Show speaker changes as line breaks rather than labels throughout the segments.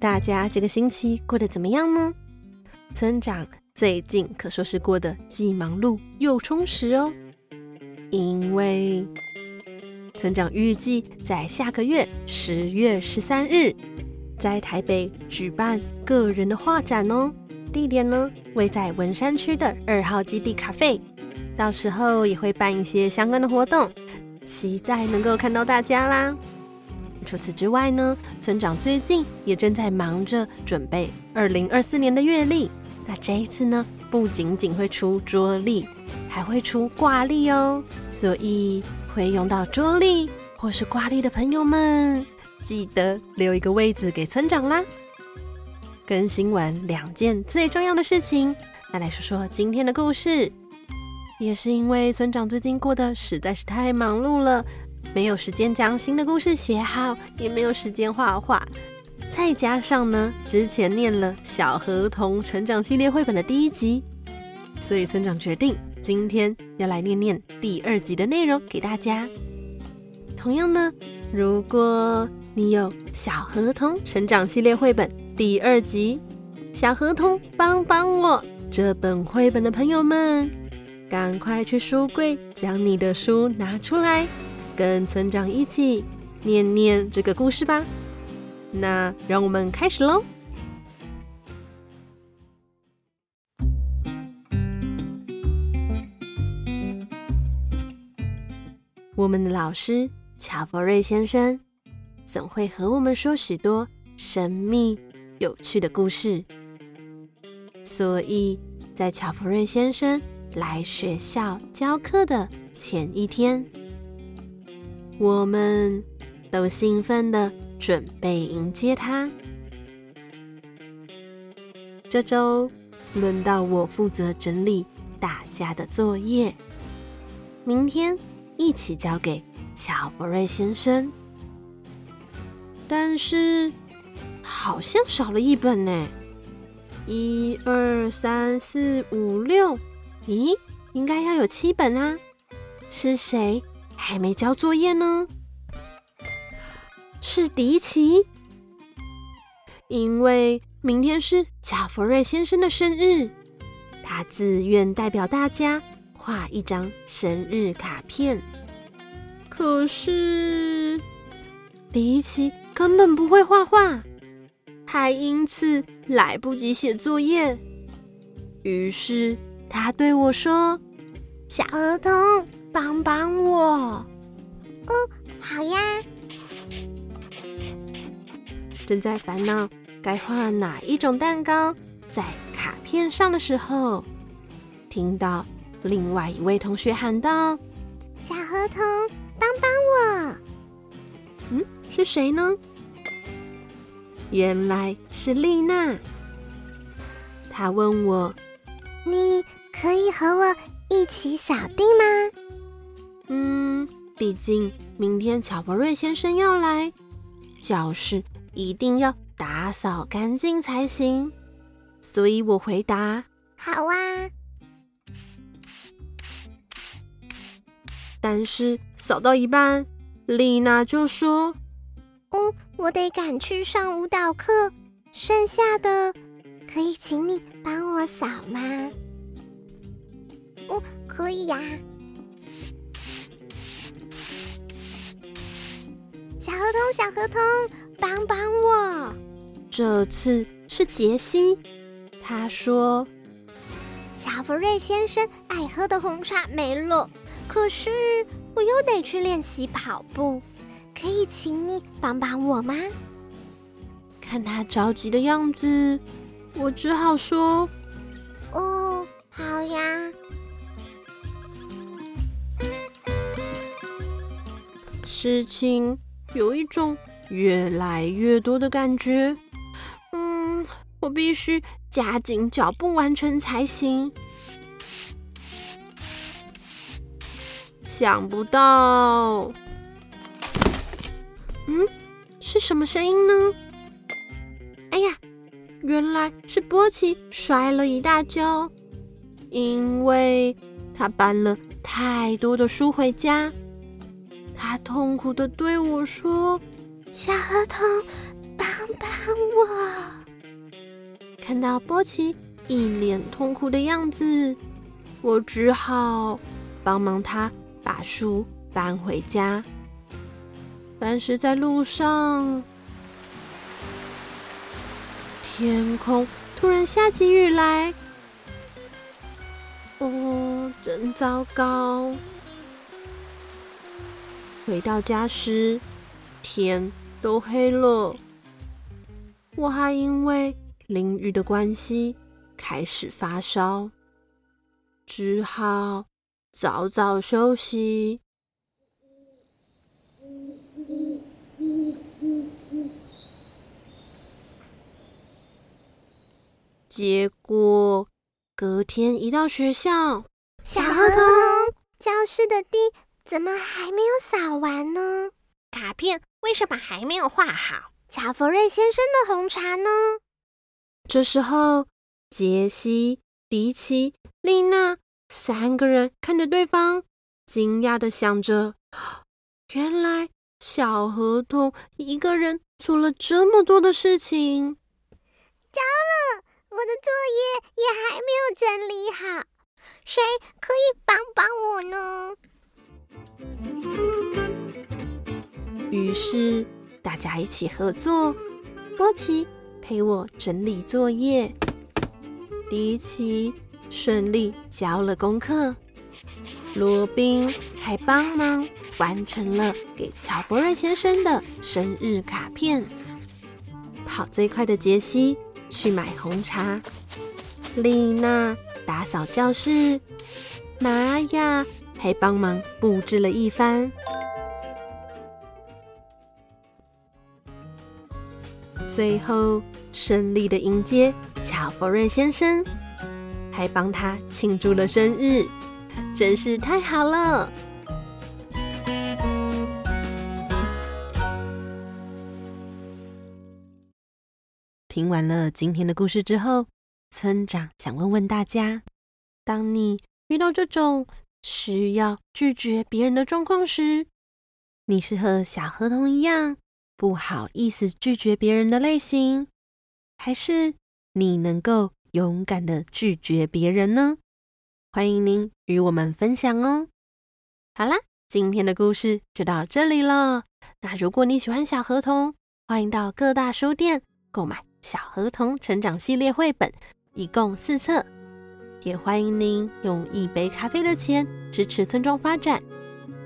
大家這個星期過得怎麼樣呢？村長最近可說是過得既忙碌又充實哦，因為村長預計在下個月十月十三日，在台北舉辦個人的畫展哦，地點呢位在文山區的二號基地咖啡，到時候也會辦一些相關的活動，期待能夠看到大家啦。除此之外呢，村長最近也正在忙着準備二零二四年的月曆。那這一次呢，不僅僅會出桌曆，還會出掛曆哦。所以會用到桌曆或是掛曆的朋友們，記得留一個位子給村長啦。更新完兩件最重要的事情，那來說說今天的故事。也是因為村長最近過得實在是太忙碌了。沒有時間將新的故事寫好，也沒有時間畫畫，再加上呢，之前念了《小河童成長系列繪本》的第一集，所以村長決定今天要來念念第二集的內容給大家。同樣呢，如果你有《小河童成長系列繪本》第二集《小河童幫，幫幫我》這本繪本的朋友們，趕快去書櫃將你的書拿出來。跟村長一起念念這個故事吧。那讓我們開始嘍。 我們的老師喬弗瑞先生總會和我們說許多神秘有趣的故事，所以，在喬弗瑞先生來學校教課的前一天。我們都興奮的準備迎接他。這週輪到我負責整理大家的作業，明天一起交給喬弗瑞先生。但是好像少了一本呢。一二三四五六，咦，應該要有七本啊。是誰？還沒交作業呢？是迪奇。因為明天是喬弗瑞先生的生日，他自願代表大家畫一張生日卡片。可是迪奇根本不會畫畫，還因此來不及寫作業，於是他對我說：“小河童。”幫幫我！哦，好呀。正在煩惱該畫哪一種蛋糕在卡片上的時候，聽到另外一位同學喊道：“小河童，幫幫我！”嗯，是誰呢？原來是麗娜。她問我：“你可以和我一起掃地嗎？”畢竟明天喬弗瑞先生要來，教室一定要打掃乾淨才行。所以我回答：好啊。但是掃到一半，麗娜就說：“哦，我得趕去上舞蹈課，剩下的可以請你幫我掃嗎？”“哦，可以呀、啊。”小河童，小河童，幫幫我！這次是杰西，他說：“喬弗瑞先生愛喝的紅茶沒了，可是我又得去練習跑步，可以請你幫幫我嗎？”看他着急的樣子，我只好說：“哦，好呀。”事情，有一種越來越多的感覺，嗯，我必須加緊腳步完成才行。想不到，嗯，是什麼聲音呢？哎呀，原來是波奇摔了一大跤，因為他搬了太多的書回家。他痛苦地對我說：“小河童，幫幫我！”看到波奇一臉痛苦的樣子，我只好幫忙他把書搬回家。但是在路上，天空突然下起雨來，哦，真糟糕！回到家時，天都黑了。我還因為淋雨的關係開始發燒，只好早早休息。嗯嗯嗯嗯嗯、結果隔天一到學校，小河童，小河童教室的地。怎麼還沒有掃完呢？卡片為什麼還沒有畫好？喬弗瑞先生的紅茶呢？這時候，杰西、迪奇、麗娜三個人看着對方，驚訝地想着：“原來小河童一個人做了這麼多的事情。”糟了，我的作業也還沒有整理好，誰可以幫幫我呢？於是，大家一起合作。多奇陪我整理作業，迪奇順利交了功課，羅賓還幫忙完成了給喬弗瑞先生的生日卡片。跑最快的杰西去買紅茶，麗娜打掃教室，瑪雅還幫忙佈置了一番，最後順利的迎接喬弗瑞先生，還幫他慶祝了生日，真是太好了。聽完了今天的故事之後，村長想問問大家：當你遇到這種……需要拒絕別人的狀況時，你是和小河童一樣不好意思拒絕別人的類型，還是你能夠勇敢的拒絕別人呢？歡迎您與我們分享哦。好啦，今天的故事就到這裡了。那如果你喜歡小河童，歡迎到各大書店購買《小河童成長系列》繪本，一共四冊。也歡迎您用一杯咖啡的錢支持村莊發展，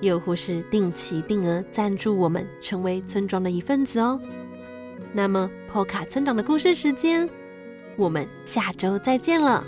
又或是定期定額贊助我們，成為村莊的一份子哦。那麼，破卡村長的故事時間，我們下周再見了。